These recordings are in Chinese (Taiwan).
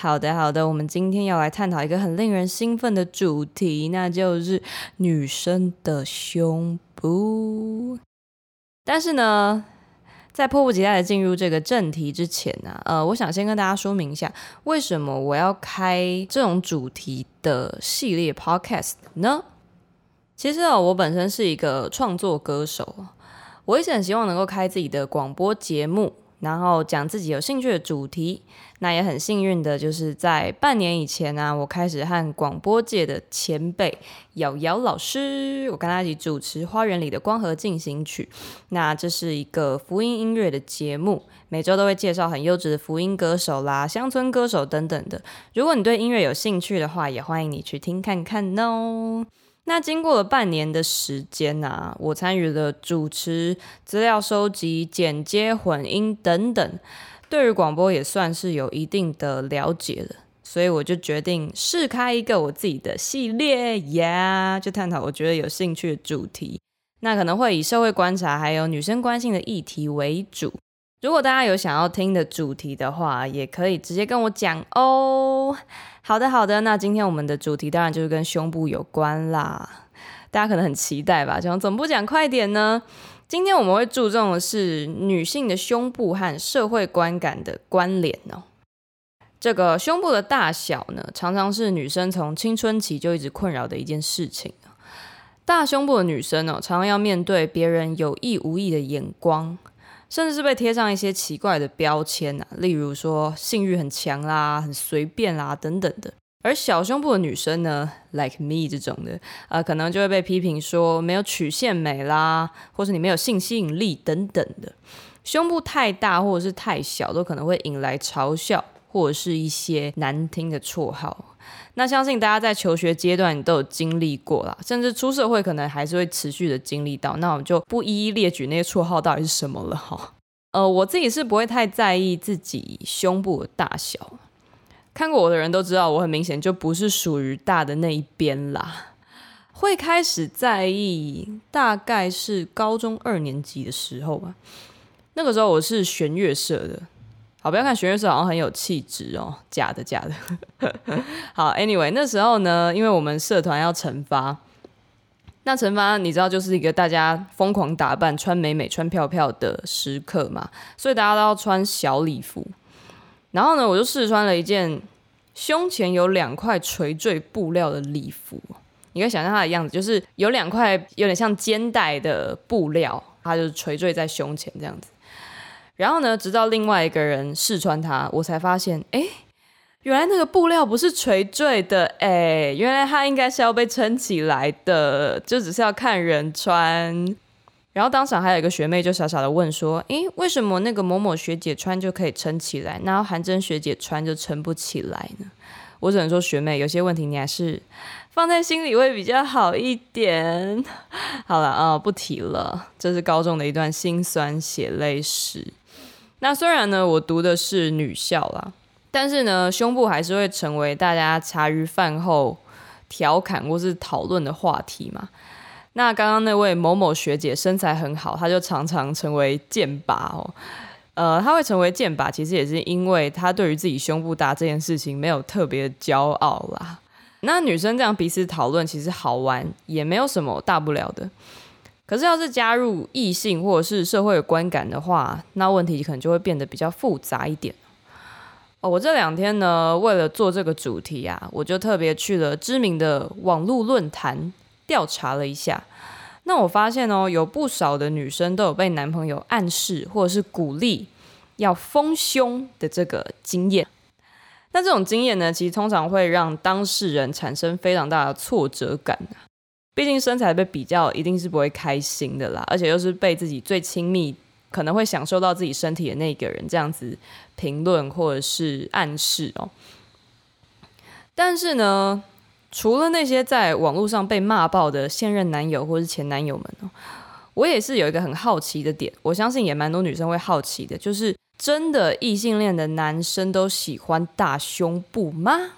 好的，好的，我們今天要來探討一個很令人興奮的主題，那就是女生的胸部。但是呢，在迫不及待的進入這個正題之前呢、啊，呃，我想先跟大家說明一下，為什麼我要開這種主題的系列 podcast 呢？其實啊、哦，我本身是一個創作歌手，我也是很希望能夠開自己的廣播節目。然後講自己有興趣的主題，那也很幸運的，就是在半年以前呢、啊，我開始和廣播界的前輩姚姚老師，我跟他一起主持《花園裡的光合進行曲》，那這是一個福音音樂的節目，每周都會介紹很優質的福音歌手啦、鄉村歌手等等的。如果你對音樂有興趣的話，也歡迎你去聽看看哦。那經過了半年的時間啊，我參與了主持、資料收集、剪接、混音等等，對於廣播也算是有一定的了解了。所以我就決定試開一個我自己的系列呀，yeah! 就探討我覺得有興趣的主題。那可能會以社會觀察還有女生關心的議題為主。如果大家有想要聽的主題的話，也可以直接跟我講哦。好的，好的，那今天我們的主題當然就是跟胸部有關啦。大家可能很期待吧？怎麼不講快點呢？今天我們會注重的是女性的胸部和社會觀感的關聯哦。這個胸部的大小呢，常常是女生從青春期就一直困擾的一件事情。大胸部的女生哦，常常要面對別人有意無意的眼光。甚至是被貼上一些奇怪的標籤啊，例如說性慾很強啦、很隨便啦等等的。而小胸部的女生呢，like me 這種的，呃，可能就會被批評說沒有曲線美啦，或是你沒有性吸引力等等的。胸部太大或者是太小，都可能會引來嘲笑。或者是一些難聽的綽號，那相信大家在求學階段都有經歷過啦，甚至出社會可能還是會持續的經歷到。那我們就不一一列舉那些綽號到底是什麼了哈。呃，我自己是不會太在意自己胸部的大小，看過我的人都知道，我很明顯就不是屬於大的那一邊啦。會開始在意大概是高中二年級的時候吧。啊，那個時候我是弦樂社的。好，不要看學院是好像很有氣質哦，假的假的。 好，anyway，那時候呢，因為我們社團要成發，那成發你知道就是一個大家瘋狂打扮、穿美美、穿漂漂的時刻嘛，所以大家都要穿小禮服。然後呢，我就試穿了一件胸前有兩塊垂墜布料的禮服，你可以想象它的樣子，就是有兩塊有點像肩帶的布料，它就是垂墜在胸前這樣子。然後呢，直到另外一個人試穿它，我才發現，哎，原來那個布料不是垂墜的，哎，原來它應該是要被撐起來的，就只是要看人穿。然後當場還有一個學妹就傻傻的問說，哎，為什麼那個某某學姐穿就可以撐起來，然後韓珍學姐穿就撐不起來呢？我只能說，學妹有些問題你還是放在心裡會比較好一點。好了，啊、哦，不提了，這是高中的一段辛酸血淚史。那雖然呢，我讀的是女校啦，但是呢，胸部還是會成為大家茶餘飯後調侃或是討論的話題嘛。那剛剛那位某某學姐身材很好，她就常常成為箭靶哦。呃，她會成為箭靶，其實也是因為她對於自己胸部大這件事情沒有特別的驕傲啦。那女生這樣彼此討論，其實好玩，也沒有什麼大不了的。可是，要是加入異性或者是社會的觀感的話，那問題可能就會變得比較複雜一點哦。我這兩天呢，為了做這個主題啊，我就特別去了知名的網絡論壇調查了一下。那我發現哦，有不少的女生都有被男朋友暗示或者是鼓勵要豐胸的這個經驗。那這種經驗呢，其實通常會讓當事人產生非常大的挫折感。畢竟身材被比較，一定是不會開心的啦。而且又是被自己最親密，可能會享受到自己身體的那個人，這樣子評論或者是暗示哦。但是呢，除了那些在網絡上被罵爆的現任男友或是前男友們哦，我也是有一個很好奇的點，我相信也蠻多女生會好奇的，就是真的異性戀的男生都喜歡大胸部嗎？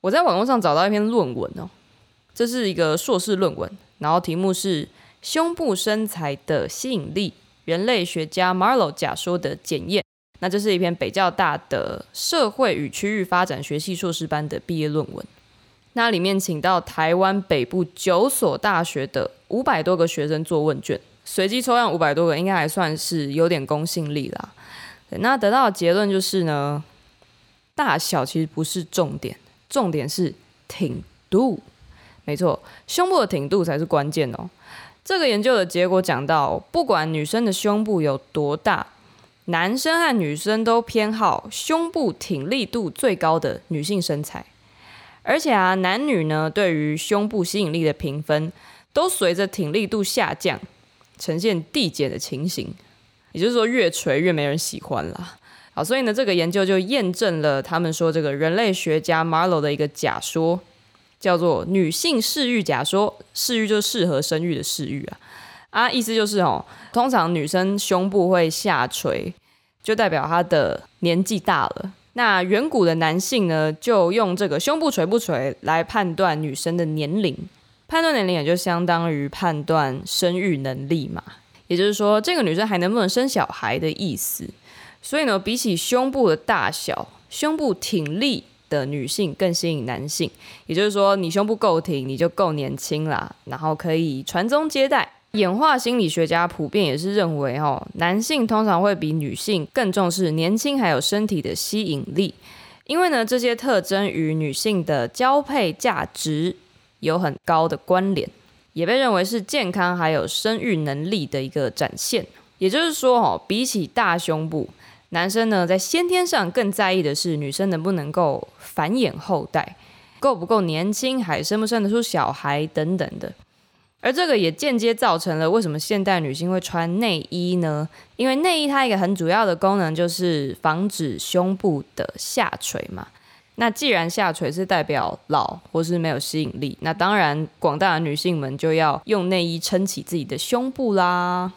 我在網絡上找到一篇論文哦。這是一個碩士論文，然後題目是“胸部身材的吸引力：人類學家 Marlow 假說的檢驗”。那這是一篇北教大的社會與區域發展學系碩士班的畢業論文。那裡面請到台灣北部九所大學的五百多個學生做問卷，隨機抽樣五百多個，應該還算是有點公信力啦。那得到的結論就是呢，大小其實不是重點，重點是挺度。沒錯，胸部的挺度才是關鍵哦。這個研究的結果講到，不管女生的胸部有多大，男生和女生都偏好胸部挺立度最高的女性身材。而且啊，男女呢對於胸部吸引力的評分，都隨着挺立度下降，呈現遞減的情形。也就是說，越垂越沒人喜歡了。好，所以呢，這個研究就驗證了他們說這個人類學家 Marlow 的一個假說。叫做女性適育假說，適育就適合生育的適育啊，啊，意思就是哦，通常女生胸部會下垂，就代表她的年紀大了。那遠古的男性呢，就用這個胸部垂不垂來判斷女生的年齡，判斷年齡也就相當於判斷生育能力嘛，也就是說這個女生還能不能生小孩的意思。所以呢，比起胸部的大小，胸部挺立的女性更吸引男性，也就是說，你胸部夠挺，你就夠年輕啦，然後可以傳宗接代。演化心理學家普遍也是認為，哦，男性通常會比女性更重視年輕還有身體的吸引力，因為呢，這些特徵與女性的交配價值有很高的關聯，也被認為是健康還有生育能力的一個展現。也就是說，哦，比起大胸部，男生呢，在先天上更在意的是女生能不能夠繁衍後代，夠不夠年輕，還生不生得出小孩等等的。而這個也間接造成了為什麼現代女性會穿內衣呢？因為內衣它一個很主要的功能就是防止胸部的下垂嘛。那既然下垂是代表老或是沒有吸引力，那當然廣大的女性們就要用內衣撐起自己的胸部啦。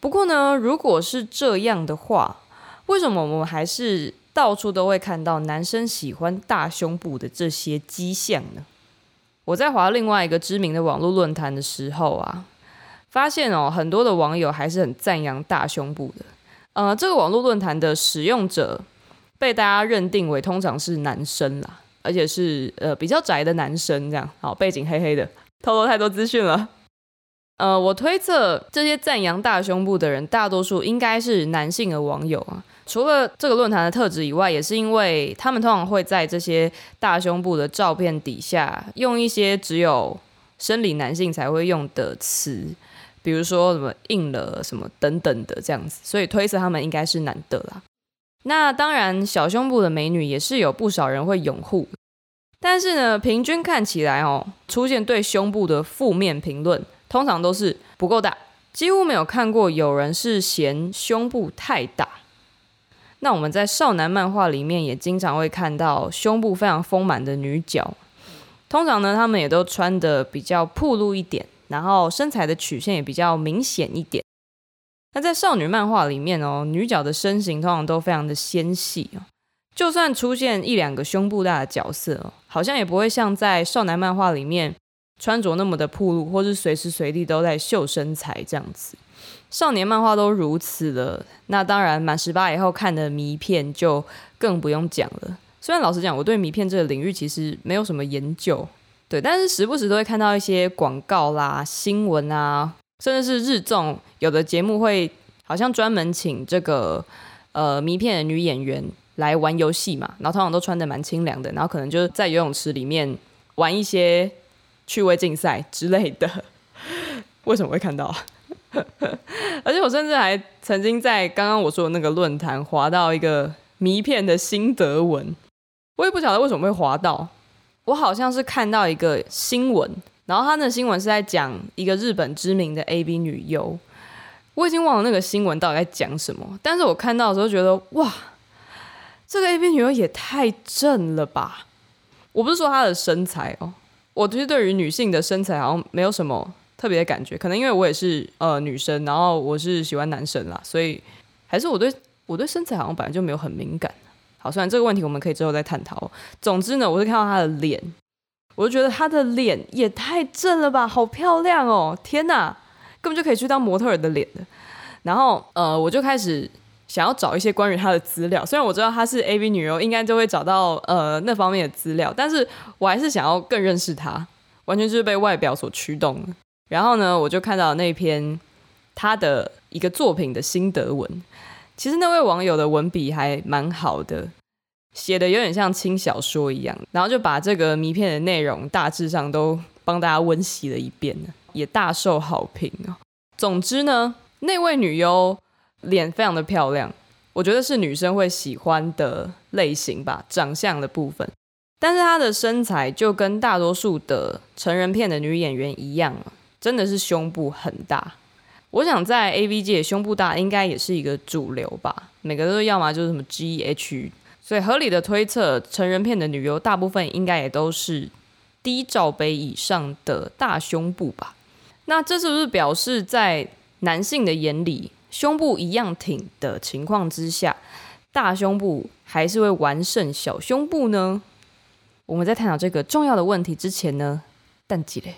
不過呢，如果是這樣的話，為什麼我們還是到處都會看到男生喜歡大胸部的這些跡象呢？我在滑另外一個知名的網絡論壇的時候啊，發現哦，很多的網友還是很讚揚大胸部的。呃，這個網絡論壇的使用者被大家認定為通常是男生啦，而且是呃比較宅的男生，這樣好，背景黑黑的，透露太多資訊了。呃，我推測這些讚揚大胸部的人，大多數應該是男性的網友啊。除了這個論壇的特質以外，也是因為他們通常會在這些大胸部的照片底下用一些只有生理男性才會用的詞，比如說什麼硬了什麼等等的這樣子，所以推測他們應該是男的啦。那當然，小胸部的美女也是有不少人會擁護，但是呢，平均看起來哦，出現對胸部的負面評論，通常都是不夠大，幾乎沒有看過有人是嫌胸部太大。那我們在少男漫畫裡面也經常會看到胸部非常豐滿的女角，通常呢，她們也都穿得比較暴露一點，然後身材的曲線也比較明顯一點。那在少女漫畫裡面哦，女角的身形通常都非常的纖細哦，就算出現一兩個胸部大的角色哦，好像也不會像在少男漫畫裡面穿着那麼的暴露，或是隨時隨地都在秀身材這樣子。少年漫畫都如此了，那當然滿十八以後看的迷片就更不用講了。雖然老實講，我對迷片這個領域其實沒有什麼研究，對，但是時不時都會看到一些廣告啦、新聞啊，甚至是日綜，有的節目會好像專門請這個呃迷片的女演員來玩遊戲嘛，然後通常都穿得蠻清涼的，然後可能就是在游泳池裡面玩一些趣味競賽之類的。為什麼會看到？ 而且我甚至還曾經在剛剛我說的那個論壇滑到一個謎片的心得文，我也不曉得為什麼會滑到。我好像是看到一個新聞，然後他那個新聞是在講一個日本知名的 AV 女優，我已經忘了那個新聞到底在講什麼。但是我看到的時候覺得，哇，這個 AV 女優也太正了吧！我不是說她的身材哦，我其實對於女性的身材好像沒有什麼。特別的感覺，可能因為我也是呃女生，然後我是喜歡男生啦，所以還是我對我對身材好像本來就沒有很敏感。好，雖然這個問題我們可以之後再探討。總之呢，我是看到她的臉，我就覺得她的臉也太正了吧，好漂亮哦、喔！天哪，根本就可以去當模特兒的臉。然後呃，我就開始想要找一些關於她的資料。雖然我知道她是 AV 女優，應該就會找到呃那方面的資料，但是我還是想要更認識她，完全就是被外表所驅動的。然後呢，我就看到那篇他的一個作品的心得文。其實那位網友的文筆還蠻好的，寫的有點像輕小說一樣。然後就把這個謎片的內容大致上都幫大家溫習了一遍，也大受好評哦。總之呢，那位女優臉非常的漂亮，我覺得是女生會喜歡的類型吧，長相的部分。但是她的身材就跟大多數的成人片的女演員一樣哦。真的是胸部很大，我想在 AV 界胸部大應該也是一個主流吧，每個都要嘛就是什麼 G H，所以合理的推測，成人片的女優大部分應該也都是 D 罩杯以上的大胸部吧？那這是不是表示在男性的眼裡，胸部一樣挺的情況之下，大胸部還是會完勝小胸部呢？我們在探討這個重要的問題之前呢，等一下。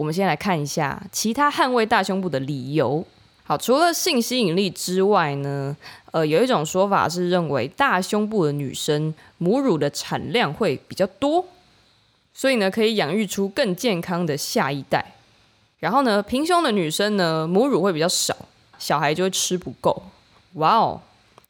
我們先來看一下其他捍衛大胸部的理由。好，除了性吸引力之外呢，呃，有一種說法是認為大胸部的女生母乳的產量會比較多，所以呢可以養育出更健康的下一代。然後呢，平胸的女生呢母乳會比較少，小孩就會吃不夠。哇哦，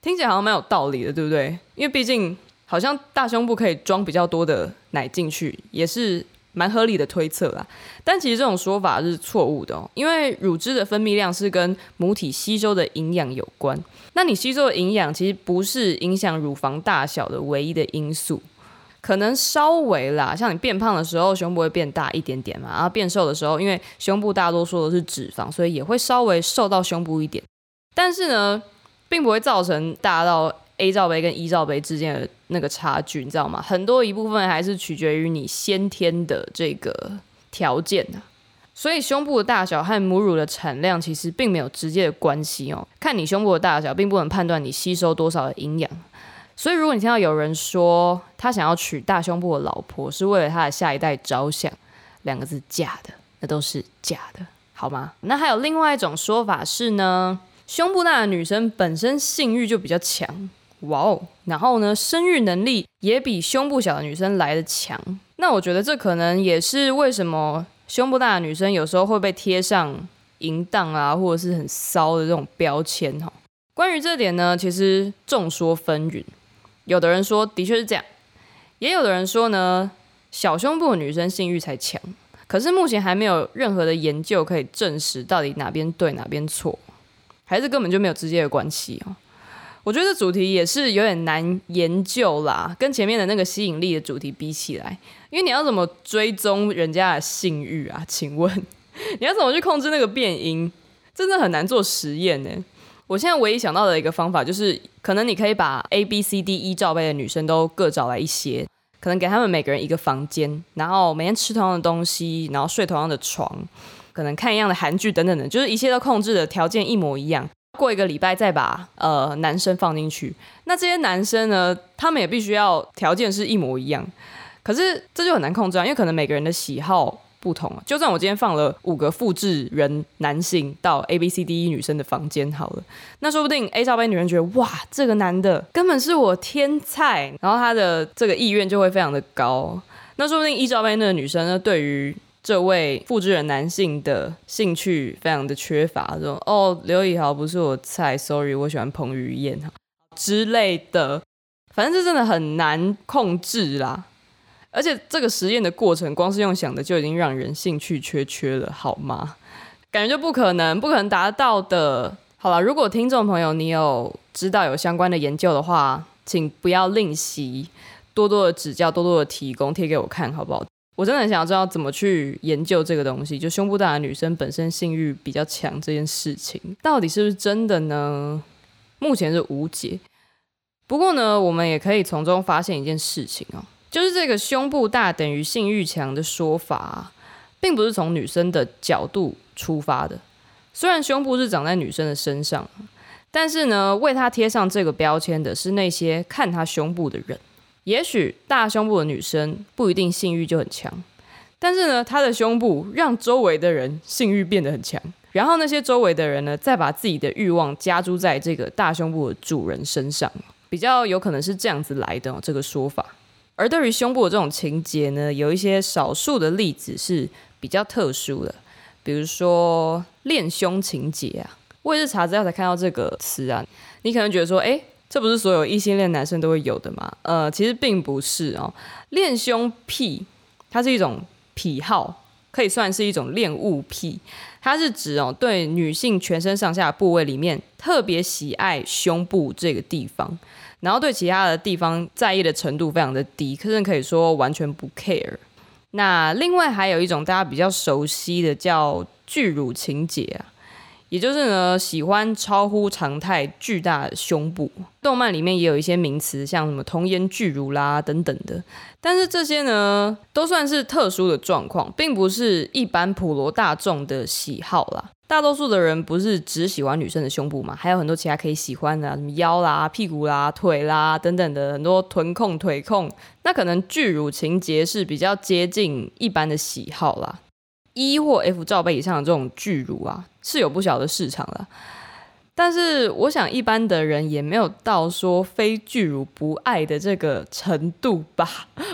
聽起來好像蠻有道理的，對不對？因為畢竟好像大胸部可以裝比較多的奶進去，也是。蠻合理的推測啦，但其實這種說法是錯誤的哦，因為乳汁的分泌量是跟母體吸收的營養有關。那你吸收的營養其實不是影響乳房大小的唯一的因素，可能稍微啦，像你變胖的時候胸部會變大一點點嘛，然後變瘦的時候，因為胸部大多數都是脂肪，所以也會稍微瘦到胸部一點，但是呢，並不會造成大到。A 罩杯跟 E 罩杯之間的那個差距，你知道嗎？很多一部分還是取決於你先天的這個條件啊。所以胸部的大小和母乳的產量其實並沒有直接的關係哦。看你胸部的大小，並不能判斷你吸收多少的營養。所以如果你聽到有人說他想要娶大胸部的老婆，是為了他的下一代着想，兩個字假的，那都是假的，好嗎？那還有另外一種說法是呢，胸部大的女生本身性慾就比較強。哇哦，然後呢，生育能力也比胸部小的女生來得強。那我覺得這可能也是為什麼胸部大的女生有時候會被貼上淫蕩啊，或者是很騷的這種標籤哈。關於這點呢，其實眾說紛紜，有的人說的確是這樣，也有的人說呢，小胸部的女生性欲才強。可是目前還沒有任何的研究可以證實到底哪邊對哪邊錯，還是根本就沒有直接的關係哦。我覺得這主題也是有點難研究啦，跟前面的那個吸引力的主題比起來，因為你要怎麼追蹤人家的性欲啊？請問，你要怎麼去控制那個變因？真的很難做實驗呢。我現在唯一想到的一個方法，就是可能你可以把 A、B、C、D、E 罩杯的女生都各找來一些，可能給他們每個人一個房間，然後每天吃同樣的東西，然後睡同樣的床，可能看一樣的韓劇等等的，就是一切都控制的條件一模一樣。過一個禮拜再把呃男生放進去，那這些男生呢，他們也必須要條件是一模一樣，可是這就很難控制啊，因為可能每個人的喜好不同啊。就算我今天放了五個複製人男性到 A B C D E 女生的房間好了，那說不定 A 罩杯女人覺得哇，這個男的根本是我天菜，然後他的這個意願就會非常的高。那說不定 E 罩杯那個女生呢，對於這位複製人男性的興趣非常的缺乏，說哦，劉以豪不是我菜，sorry，我喜歡彭於晏哈之類的，反正這真的很難控制啦。而且這個實驗的過程，光是用想的就已經讓人興趣缺缺了，好嗎？感覺就不可能，不可能達到的。好啦，如果聽眾朋友你有知道有相關的研究的話，請不要吝惜，多多的指教，多多的提供，貼給我看好不好？我真的很想知道怎麼去研究這個東西，就胸部大的女生本身性慾比較強這件事情，到底是不是真的呢？目前是無解。不過呢，我們也可以從中發現一件事情哦，就是這個胸部大等於性慾強的說法啊，並不是從女生的角度出發的。雖然胸部是長在女生的身上，但是呢，為她貼上這個標籤的是那些看她胸部的人。也許大胸部的女生不一定性欲就很強，但是呢，她的胸部讓周圍的人性欲變得很強，然後那些周圍的人呢，再把自己的欲望加諸在這個大胸部的主人身上，比較有可能是這樣子來的、喔、這個說法。而對於胸部的這種情結呢，有一些少數的例子是比較特殊的，比如說戀胸情結啊，我也是查資料才看到這個詞啊，你可能覺得說，哎、欸。這不是所有異性戀男生都會有的嗎？呃，其實並不是哦。戀胸癖，它是一種癖好，可以算是一種戀物癖。它是指哦，對女性全身上下的部位裡面，特別喜愛胸部這個地方，然後對其他的地方在意的程度非常的低，甚至可以說完全不 care。那另外還有一種大家比較熟悉的叫巨乳情節啊。也就是呢，喜歡超乎常態巨大胸部，動漫裡面也有一些名詞，像什麼童顏巨乳啦等等的。但是這些呢，都算是特殊的狀況，並不是一般普羅大眾的喜好啦。大多數的人不是只喜歡女生的胸部嘛，還有很多其他可以喜歡的啊，什麼腰啦、屁股啦、腿啦等等的，很多臀控、腿控。那可能巨乳情節是比較接近一般的喜好啦。E 或 F 罩杯以上的這種巨乳啊，是有不小的市場的。但是，我想一般的人也沒有到說非巨乳不愛的這個程度吧。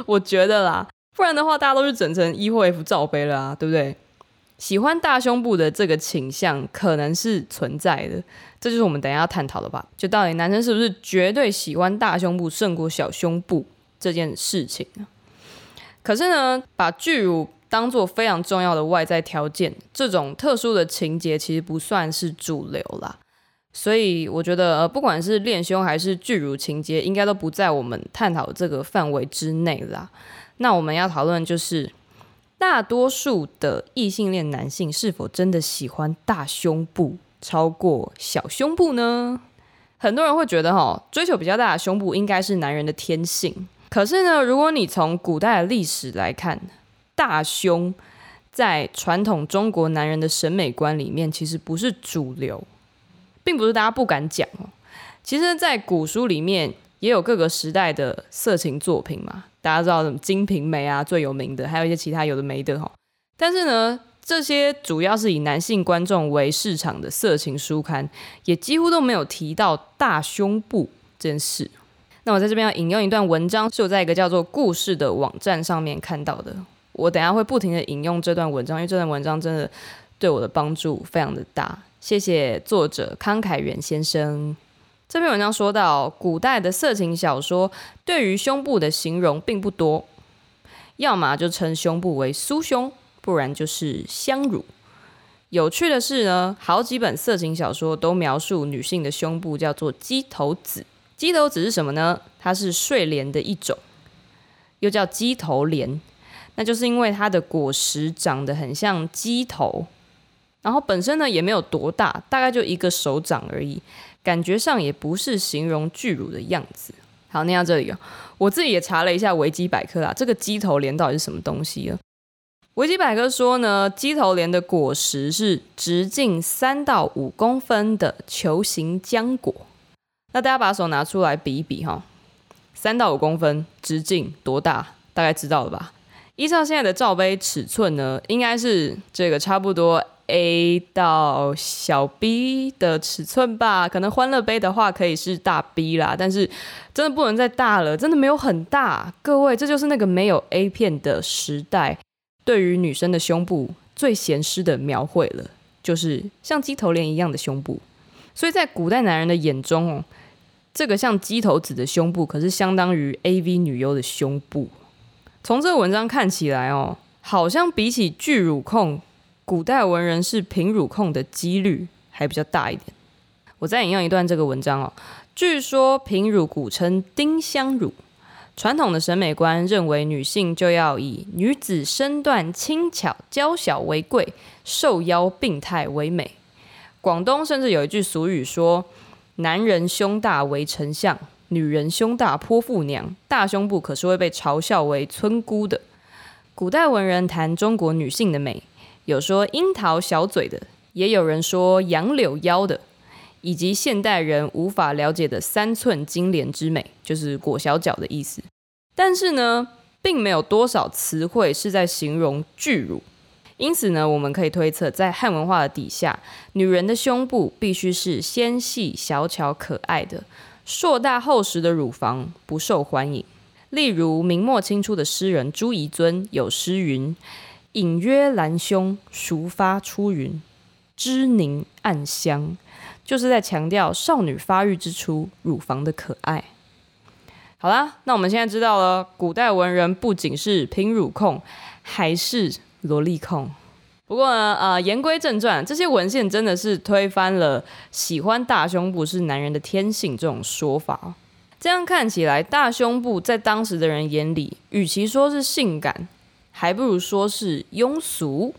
我覺得啦，不然的話，大家都是整成 E 或 F 罩杯了啊，對不對？喜歡大胸部的這個傾向可能是存在的，這就是我們等一下要探討的吧。就到底男生是不是絕對喜歡大胸部勝過小胸部這件事情？可是呢，把巨乳。當做非常重要的外在條件，這種特殊的情節其實不算是主流啦。所以我覺得，呃，不管是練胸還是巨乳情節，應該都不在我們探討的這個範圍之內啦。那我們要討論就是，大多數的異性戀男性是否真的喜歡大胸部超過小胸部呢？很多人會覺得，吼，追求比較大的胸部應該是男人的天性。可是呢，如果你從古代的歷史來看，大胸在傳統中國男人的審美觀裡面，其實不是主流，並不是大家不敢講哦。其實，在古書裡面也有各個時代的色情作品嘛，大家知道什麼《金瓶梅》啊，最有名的，還有一些其他有的沒的。但是呢，這些主要是以男性觀眾為市場的色情書刊，也幾乎都沒有提到大胸部這件事。那我在這邊要引用一段文章，是有在一個叫做“故事”的網站上面看到的。我等下會不停地引用這段文章，因為這段文章真的對我的幫助非常的大。謝謝作者康凱元先生。這篇文章說到，古代的色情小說對於胸部的形容並不多，要麼就稱胸部為酥胸，不然就是香乳。有趣的是呢，好幾本色情小說都描述女性的胸部叫做雞頭子。雞頭子是什麼呢？它是睡蓮的一種，又叫雞頭蓮。那就是因為它的果實長得很像雞頭，然後本身呢也沒有多大，大概就一個手掌而已，感覺上也不是形容巨乳的樣子。好，念到這裡哦，我自己也查了一下維基百科啦，這個雞頭蓮到底是什麼東西啊？維基百科說呢，雞頭蓮的果實是直徑三到五公分的球形漿果。那大家把手拿出來比一比哈、哦，三到五公分直徑多大？大概知道了吧？依照現在的罩杯尺寸呢，應該是這個差不多 A 到小 B 的尺寸吧。可能歡樂杯的話可以是大 B 啦，但是真的不能再大了，真的沒有很大。各位，這就是那個沒有 A 片的時代，對於女生的胸部最寫實的描繪了，就是像雞頭蓮一樣的胸部。所以在古代男人的眼中哦，這個像雞頭子的胸部，可是相當於 AV 女優的胸部。從這個文章看起來哦，好像比起巨乳控，古代文人是貧乳控的幾率還比較大一點。我再引用一段這個文章哦，據說貧乳古稱丁香乳，傳統的審美觀認為女性就要以女子身段輕巧、嬌小為貴，瘦腰病態為美。廣東甚至有一句俗語說：“男人胸大為丞相。”女人胸大潑婦娘，大胸部可是會被嘲笑為村姑的。古代文人談中國女性的美，有說櫻桃小嘴的，也有人說楊柳腰的，以及現代人無法了解的三寸金蓮之美，就是裹小腳的意思。但是呢，並沒有多少詞彙是在形容巨乳，因此呢，我們可以推測，在漢文化的底下，女人的胸部必須是纖細、小巧、可愛的。碩大厚實的乳房不受歡迎，例如明末清初的詩人朱彝尊有詩云：“隱約蘭胸熟發出云，脂凝暗香。”就是在強調少女發育之初乳房的可愛。好了，那我們現在知道了，古代文人不僅是貧乳控，還是蘿莉控。不過呢，呃，言歸正傳，這些文獻真的是推翻了“喜歡大胸部是男人的天性”這種說法。這樣看起來，大胸部在當時的人眼裡，與其說是性感，還不如說是庸俗。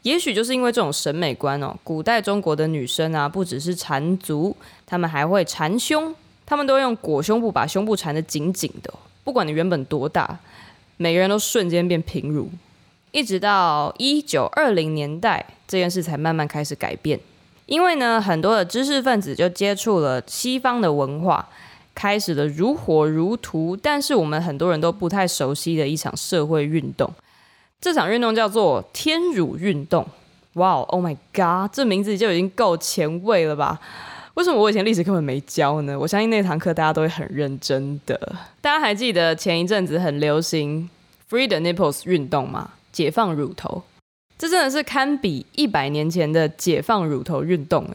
也許就是因為這種審美觀哦，古代中國的女生啊，不只是纏足，她們還會纏胸，她們都用裹胸布把胸部纏得緊緊的。不管你原本多大，每個人都瞬間變平乳。一直到一九二零年代，這件事才慢慢開始改變。因為呢，很多的知識分子就接觸了西方的文化，開始了如火如荼，但是我們很多人都不太熟悉的一場社會運動，這場運動叫做“天乳運動” Wow。哇，Oh my God，這名字就已經夠前衛了吧？為什麼我以前歷史課本沒教呢？我相信那堂課大家都會很認真的。大家還記得前一陣子很流行 “Free the Nipples” 運動嗎？解放乳頭，這真的是堪比一百年前的解放乳頭運動。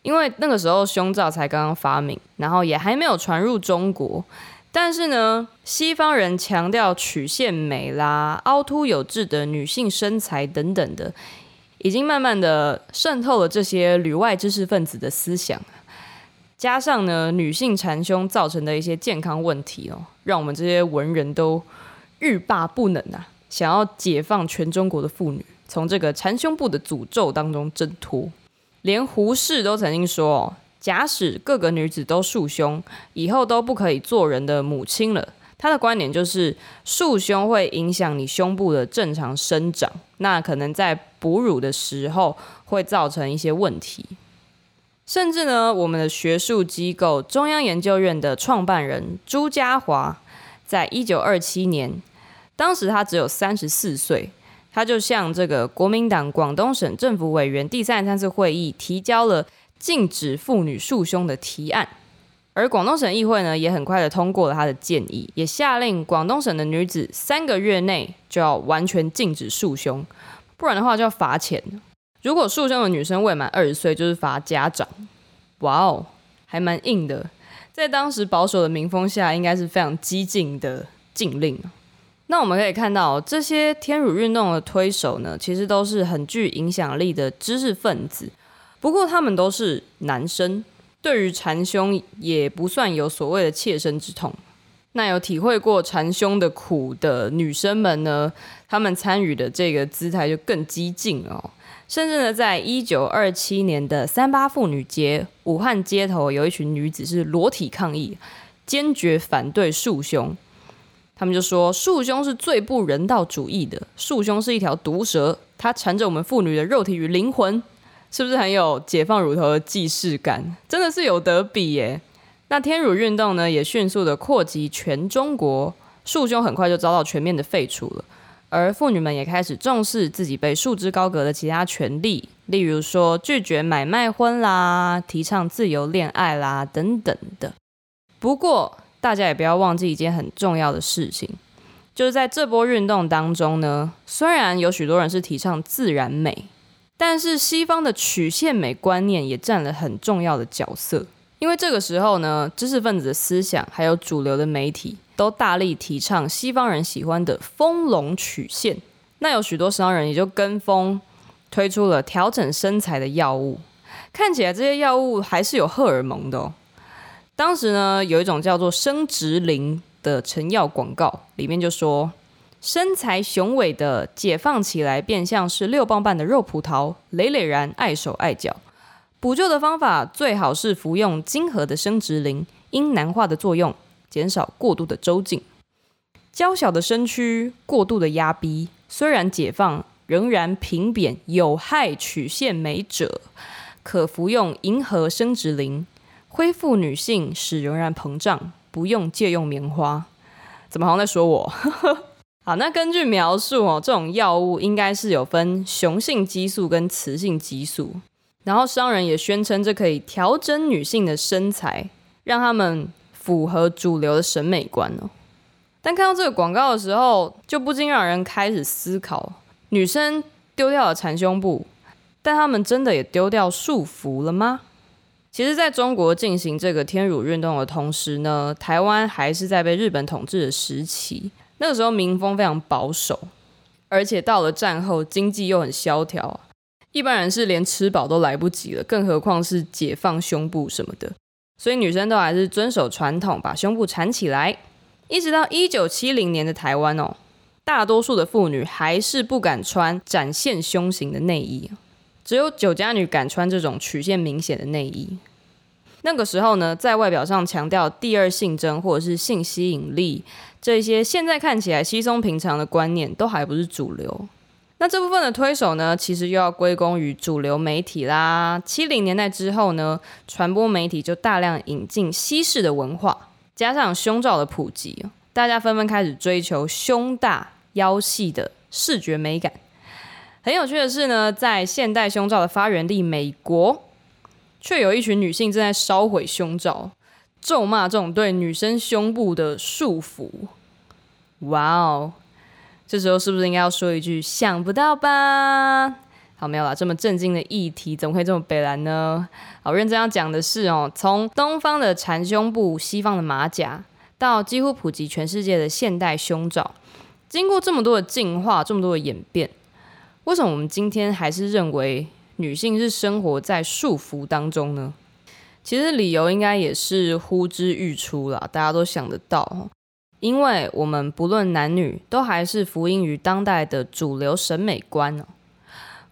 因為那個時候胸罩才剛剛發明，然後也還沒有傳入中國。但是呢，西方人強調曲線美啦、凹凸有致的女性身材等等的，已經慢慢的滲透了這些旅外知識分子的思想。加上呢，女性纏胸造成的一些健康問題哦，讓我們這些文人都欲罷不能啊！想要解放全中國的婦女，從這個纏胸部的詛咒當中掙脫。連胡適都曾經說：“哦，假使各個女子都束胸，以後都不可以做人的母親了。”他的觀點就是束胸會影響你胸部的正常生長，那可能在哺乳的時候會造成一些問題。甚至呢，我們的學術機構中央研究院的創辦人朱家驊在一九二七年。當時他只有三十四歲，他就向這個國民黨廣東省政府委員第三十三次會議提交了禁止婦女束胸的提案。而廣東省議會呢，也很快的通過了他的建議，也下令廣東省的女子三個月內就要完全禁止束胸，不然的話就要罰錢。如果束胸的女生未滿二十歲，就是罰家長。哇哦，還蠻硬的，在當時保守的民風下，應該是非常激進的禁令。那我們可以看到，這些天乳運動的推手呢，其實都是很具影響力的知識分子。不過他們都是男生，對於纏胸也不算有所謂的切身之痛。那有體會過纏胸的苦的女生們呢，她們參與的這個姿態就更激進了哦。甚至呢，在一九二七年的三八婦女節，武漢街頭有一群女子是裸體抗議，堅決反對束胸。他們就說，束胸是最不人道主義的，束胸是一條毒蛇，它纏着我們婦女的肉體與靈魂，是不是很有解放乳頭的既視感？真的是有得比耶。那天乳運動呢，也迅速的擴及全中國，束胸很快就遭到全面的廢除了，而婦女們也開始重視自己被束之高閣的其他權利，例如說拒絕買賣婚啦，提倡自由戀愛啦等等的。不過，大家也不要忘記一件很重要的事情，就是在這波運動當中呢，雖然有許多人是提倡自然美，但是西方的曲線美觀念也占了很重要的角色。因為這個時候呢，知識分子的思想還有主流的媒體都大力提倡西方人喜歡的豐隆曲線，那有許多商人也就跟風推出了調整身材的藥物，看起來這些藥物還是有荷爾蒙的哦。當時呢，有一種叫做“生殖靈”的成藥廣告，裡面就說：“身材雄偉的解放起來，便像是六磅半的肉葡萄，累累然礙手礙腳。補救的方法最好是服用金河的生殖靈，因難化的作用，減少過度的周徑。嬌小的身軀，過度的壓逼，雖然解放，仍然平扁，有害曲線美者，可服用銀河生殖靈。”恢復女性使仍然膨脹，不用借用棉花。怎麼好像在說我？ 好，那根據描述哦，這種藥物應該是有分雄性激素跟雌性激素。然後商人也宣稱這可以調整女性的身材，讓他們符合主流的審美觀哦。但看到這個廣告的時候，就不禁讓人開始思考：女生丟掉了纏胸布，但他們真的也丟掉束縛了嗎？其實在中國進行這個天乳運動的同時呢，台灣還是在被日本統治的時期。那個時候民風非常保守，而且到了戰後經濟又很蕭條，一般人是連吃飽都來不及了，更何況是解放胸部什麼的。所以女生都還是遵守傳統，把胸部纏起來，一直到1970年的台灣哦，大多數的婦女還是不敢穿展現胸型的內衣。只有酒家女敢穿這種曲線明顯的內衣。那個時候呢，在外表上強調第二性徵或者是性吸引力這些，現在看起來稀鬆平常的觀念，都還不是主流。那這部分的推手呢，其實又要歸功於主流媒體啦。七零年代之後呢，傳播媒體就大量引進西式的文化，加上胸罩的普及，大家紛紛開始追求胸大腰細的視覺美感。很有趣的是呢，在現代胸罩的發源地美國，卻有一群女性正在燒毀胸罩，咒罵這種對女生胸部的束縛。哇哦！這時候是不是應該要說一句“想不到吧”？好，沒有啦，這麼震驚的議題，怎麼會這麼北爛呢？好，認真要講的是哦，從東方的纏胸布、西方的馬甲，到幾乎普及全世界的現代胸罩，經過這麼多的進化，這麼多的演變。為什麼我們今天還是認為女性是生活在束縛當中呢？其實理由應該也是呼之欲出了，大家都想得到。因為我們不論男女，都還是服膺於當代的主流審美觀哦。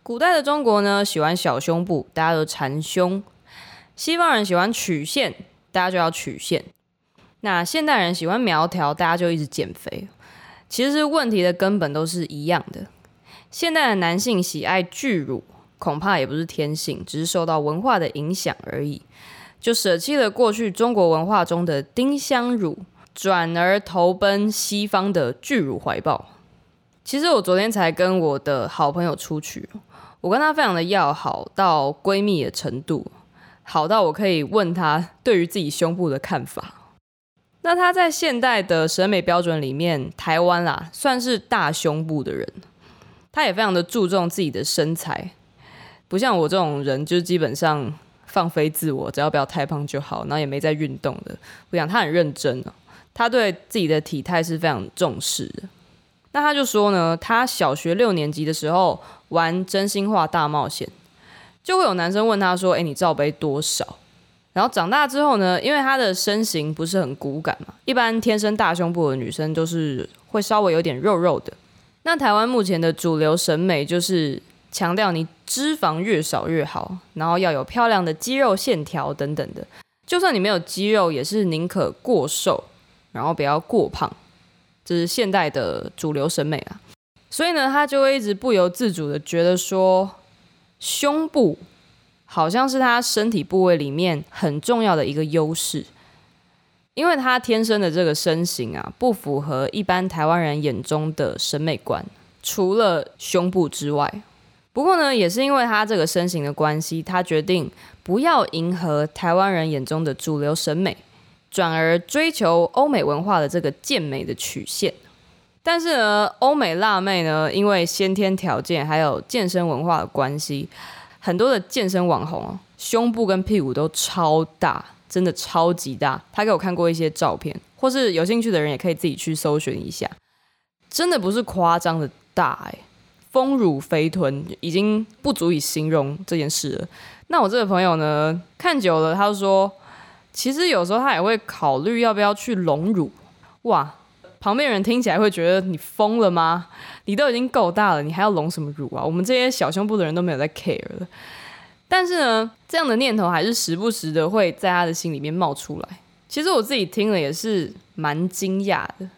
古代的中國呢，喜歡小胸部，大家都纏胸；西方人喜歡曲線，大家就要曲線；那現代人喜歡苗條，大家就一直減肥。其實問題的根本都是一樣的。現代的男性喜愛巨乳，恐怕也不是天性，只是受到文化的影響而已。就捨棄了過去中國文化中的丁香乳，轉而投奔西方的巨乳懷抱。其實我昨天才跟我的好朋友出去，我跟她非常的要好到閨蜜的程度，好到我可以問她對於自己胸部的看法。那她在現代的審美標準裡面，台灣啦，啊，算是大胸部的人。他也非常的注重自己的身材，不像我這種人，就是基本上放飛自我，只要不要太胖就好。然後也沒在運動的，我想他很認真、哦，他對自己的體態是非常重視的。那他就說呢，他小學六年級的時候玩真心話大冒險，就會有男生問他說：“哎，你罩杯多少？”然後長大之後呢，因為他的身形不是很骨感嘛，一般天生大胸部的女生都是會稍微有點肉肉的。那台灣目前的主流審美就是強調你脂肪越少越好，然後要有漂亮的肌肉線條等等的。就算你沒有肌肉，也是寧可過瘦，然後不要過胖。這是現代的主流審美啊。所以呢，他就會一直不由自主地覺得說，胸部好像是他身體部位裡面很重要的一個優勢。因為他天生的這個身形啊，不符合一般台灣人眼中的審美觀，除了胸部之外。不過呢，也是因為他這個身形的關係，他決定不要迎合台灣人眼中的主流審美，轉而追求歐美文化的這個健美的曲線。但是呢，歐美辣妹呢，因為先天條件還有健身文化的關係，很多的健身網紅啊，胸部跟屁股都超大。真的超級大，他給我看過一些照片，或是有興趣的人也可以自己去搜尋一下，真的不是誇張的大欸，豐乳肥臀已經不足以形容這件事了。那我這個朋友呢，看久了，他說，其實有時候他也會考慮要不要去隆乳。哇，旁邊人聽起來會覺得你瘋了嗎？你都已經夠大了，你還要隆什麼乳啊？我們這些小胸部的人都沒有在 care 了。但是呢，這樣的念頭還是時不時的會在他的心裡面冒出來。其實我自己聽了也是蠻驚訝的，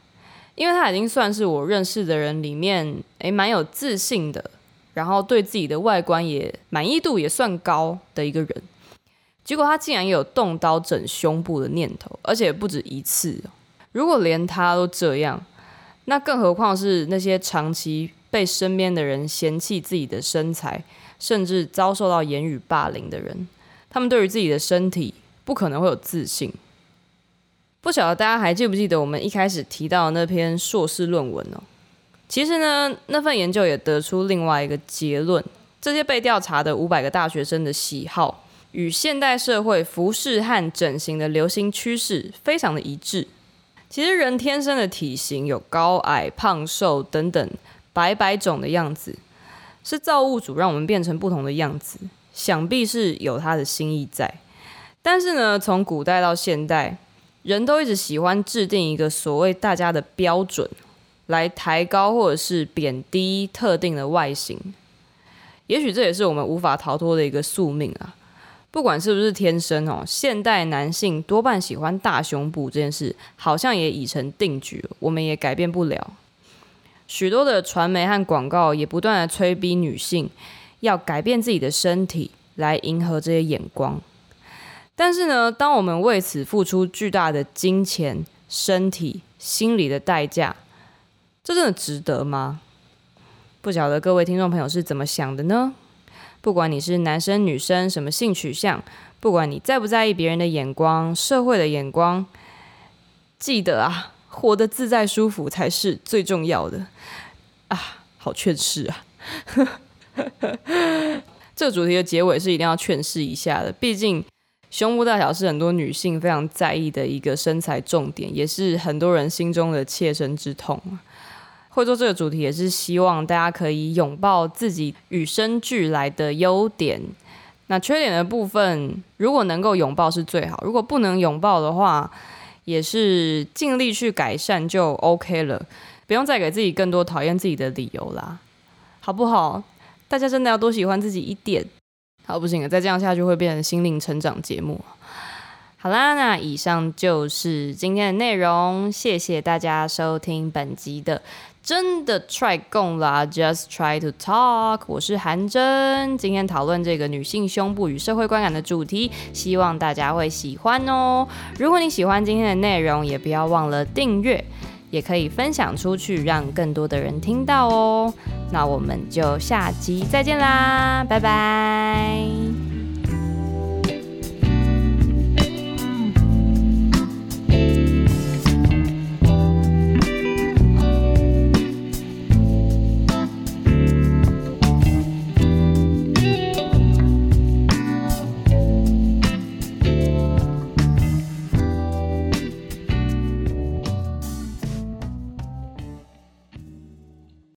因為他已經算是我認識的人裡面，誒，蠻有自信的，然後對自己的外觀也滿意度也算高的一個人。結果他竟然有動刀整胸部的念頭，而且不止一次。如果連他都這樣，那更何況是那些長期被身邊的人嫌棄自己的身材，甚至遭受到言語霸凌的人，他們對於自己的身體不可能會有自信。不曉得大家還記不記得我們一開始提到的那篇碩士論文哦？其實呢，那份研究也得出另外一個結論：這些被調查的五百個大學生的喜好，與現代社會服飾和整形的流行趨勢非常的一致。其實人天生的體型有高矮、胖瘦等等，百百種的樣子。是造物主讓我們變成不同的樣子，想必是有他的心意在。但是呢，從古代到現代，人都一直喜歡制定一個所謂大家的標準，來抬高或者是貶低特定的外形。也許這也是我們無法逃脫的一個宿命啊！不管是不是天生哦，現代男性多半喜歡大胸部這件事，好像也已成定局，我們也改變不了。許多的傳媒和廣告也不斷的催逼女性要改變自己的身體來迎合這些眼光，但是呢，當我們為此付出巨大的金錢、身體、心理的代價，這真的值得嗎？不曉得各位聽眾朋友是怎麼想的呢？不管你是男生女生，什麼性取向，不管你在不在意別人的眼光、社會的眼光，記得啊。活得自在舒服才是最重要的啊！好勸世啊！ 這個主題的結尾是一定要勸世一下的，畢竟胸部大小是很多女性非常在意的一個身材重點，也是很多人心中的切身之痛。會做這個主題也是希望大家可以擁抱自己與生俱來的優點，那缺點的部分如果能夠擁抱是最好，如果不能擁抱的話。也是盡力去改善就 OK 了，不用再給自己更多討厭自己的理由啦，好不好？大家真的要多喜歡自己一點。好，不行了，再這樣下去會變成心靈成長節目。好啦，那以上就是今天的內容，謝謝大家收聽本集的。真的 try 共啦，just try to talk。我是韓真，今天討論這個女性胸部與社會觀感的主題，希望大家會喜歡哦。如果你喜歡今天的內容，也不要忘了訂閱，也可以分享出去，讓更多的人聽到哦。那我們就下集再見啦，拜拜。